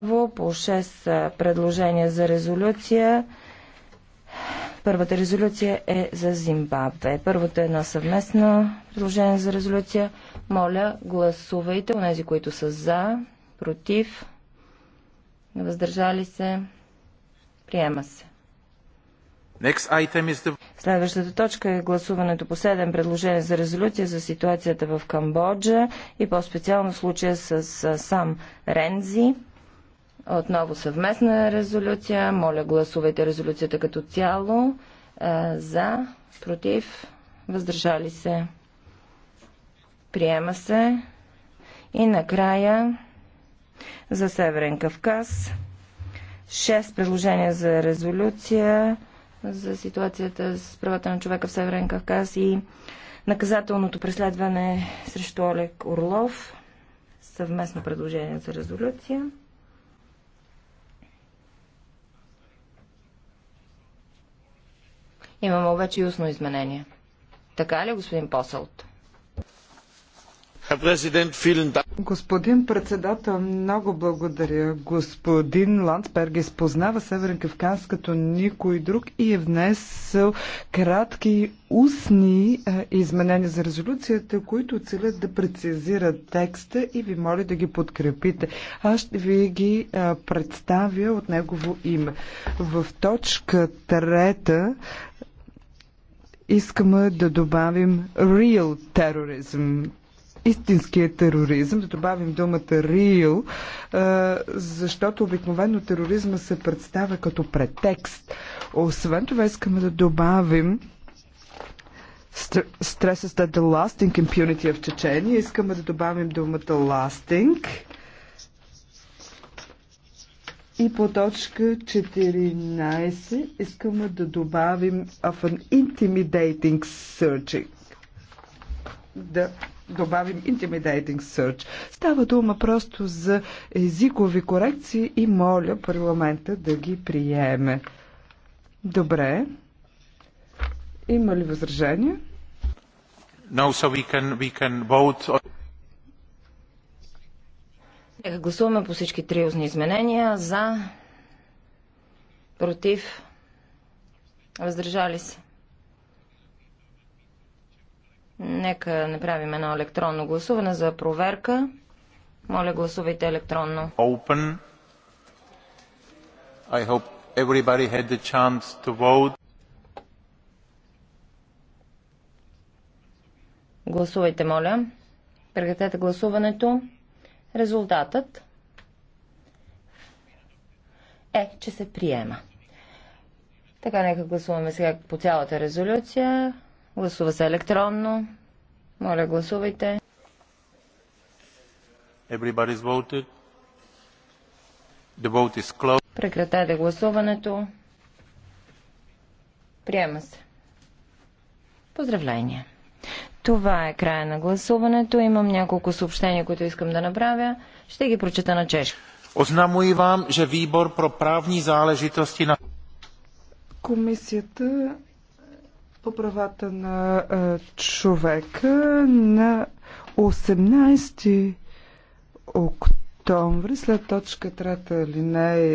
Първо по 6 предложения за резолюция. Първата резолюция е за Зимбабве. Първото е една съвместна предложение за резолюция. Моля, гласувайте онези, които са за, против, въздържали се. Приема се. The... Следващата точка е гласуването по 7 предложения за резолюция за ситуацията в Камбоджа и по-специално случая с Сам Рензи. Отново съвместна резолюция. Моля, гласувайте резолюцията като цяло. Е, за, против, въздържали се. Приема се. И накрая за Северен Кавказ. Шест предложения за резолюция за ситуацията с правата на човека в Северен Кавказ и наказателното преследване срещу Олег Орлов. Съвместно предложение за резолюция. Имаме обаче и устно изменение. Така ли, господин Посълт? Господин председател, много благодаря. Господин Ландсберг изпознава Северен като никой друг и е внесъл кратки устни е, изменения за резолюцията, които целят да прецизират текста и ви моля да ги подкрепите. Аз ще ви ги е, представя от негово име. В точка трета искаме да добавим real terrorism, истинския тероризъм, да добавим думата real, защото обикновено тероризма се представя като претекст. Освен това искаме да добавим stresses that the lasting impunity of Чечения. Искаме да добавим думата lasting и по точка 14 искаме да добавим of an intimidating searching. Да добавим intimidating search. Става дума просто за езикови корекции и моля парламента да ги приеме. Добре. Има ли възражения? No, so we can, we can vote Гласуваме по всички три устни изменения. За, против, въздържали се. Нека направим едно електронно гласуване за проверка. Моля, гласувайте електронно. Open. I hope everybody had the chance to vote. Гласувайте, моля. Прегатете гласуването. Резултатът е, че се приема. Така, нека гласуваме сега по цялата резолюция. Гласува се електронно. Моля, гласувайте. Everybody's voted. The vote is closed. Прекратете гласуването. Приема се. Поздравления! Това е края на гласуването. Имам няколко съобщения, които искам да направя. Ще ги прочета на чешки. Ознамуй вам, че výbor про правни залежитости на... Комисията по правата на е, човека на 18 октомври след точка 3 линия